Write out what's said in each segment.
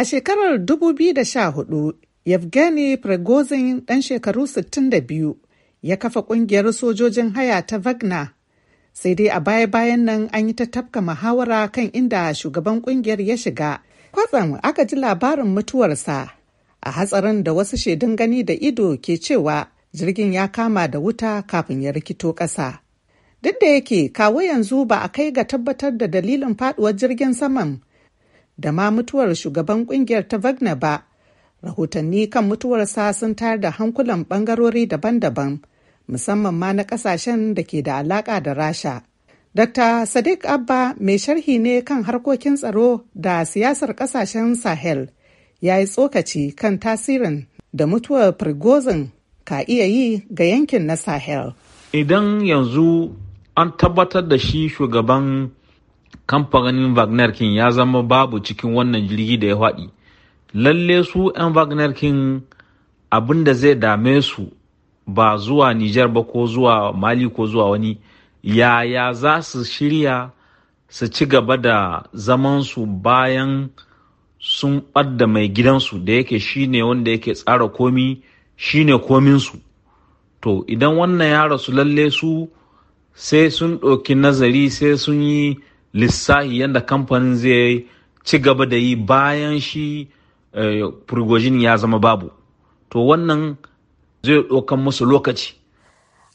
A shekarar 2014, Yevgeny Prigozhin ɗan shekaru 62 ya kafa ƙungiyar sojojin haya ta Wagner. Sai dai a baya-bayan nan an yi ta tafka muhawara kan inda shugaban ƙungiyar ya shiga. Kwatsam aka ji labarin mutuwarsa a hatsarin da wasu shaidun gani da ido ke cewa jirgin ya kama da wuta kafin ya rikito ƙasa. Duk da yake kawo yanzu ba a kai ga tabbatar da dalilin faɗuwar jirgin saman da ma mutuwar shugaban kungiyar ta Wagner ba. Rahotanni kan mutuwarsa sun tayar da hankulan bangarori daban-daban, musamman ma na kasashen da ke da alaka da Rasha. Dr. Sadiq Abba mai sharhi ne kan harkokin tsaro da siyasar kasashen Sahel ya yi tsokaci kan tasirin da mutuwar Prigozhin ka iya yi ga yankin na Sahel. Idan yanzu an tabbatar da shi shugaban kamfanin wagner king ya zama babu cikin wannan jirgi da ya faɗi lalle su 'yan wagner king abin da zai dame su ba zuwa nijar ba ko zuwa mali ko zuwa wani yaya za su shirya su ci gaba da zamansu bayan sun ɓadda mai gidansu da yake shine wanda yake tsara komi shine kominsu to idan wannan ya rasu lalle su sai sun ɗauki nazari sai sun yi lissahi yadda kamfanin zai ci gaba da yi bayan shi furgojin eh, ya zama babu to wannan zai ɗaukan musu lokaci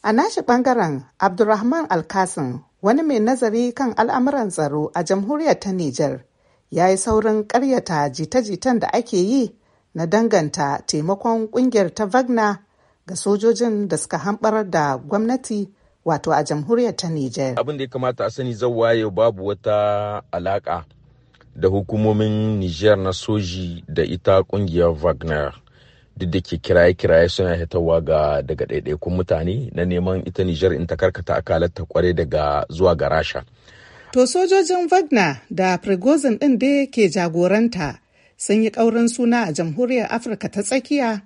a nashi ɓangaren abdulrahman alkasin wani mai nazari kan al'amuran tsaro a jamhuriyar ta nijar ya yi saurin ƙaryata jita-jitan da ake yi na danganta taimakon ƙungiyar ta vagna ga sojojin da suka hambar da gwamnati wato a jamhuriyar ta Nijar. Abin da ya kamata a sani waye babu wata alaka da hukumomin Nijar na soji da ita kungiyar Wagner. Duk da ke kiraye-kiraye suna hitawa ga daga ɗaiɗaikun mutane na neman ita Nijar in ta karkata akalarta kwarai daga zuwa ga Rasha. To sojojin Wagner da Prigozhin ɗin da ke jagoranta sun yi ƙaurin suna a jamhuriyar Afirka ta tsakiya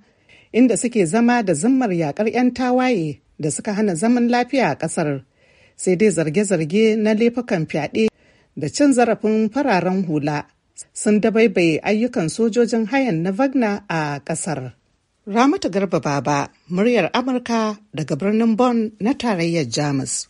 inda suke zama da zimmar yakar 'yan tawaye da suka hana zaman lafiya a ƙasar sai dai zarge-zarge na laifukan fyaɗe da cin zarafin fararen hula sun dabaibaye ayyukan sojojin hayan na Vagna a ƙasar. Ramatu Garba Baba, muryar Amurka daga birnin Bonn na tarayyar Jamus.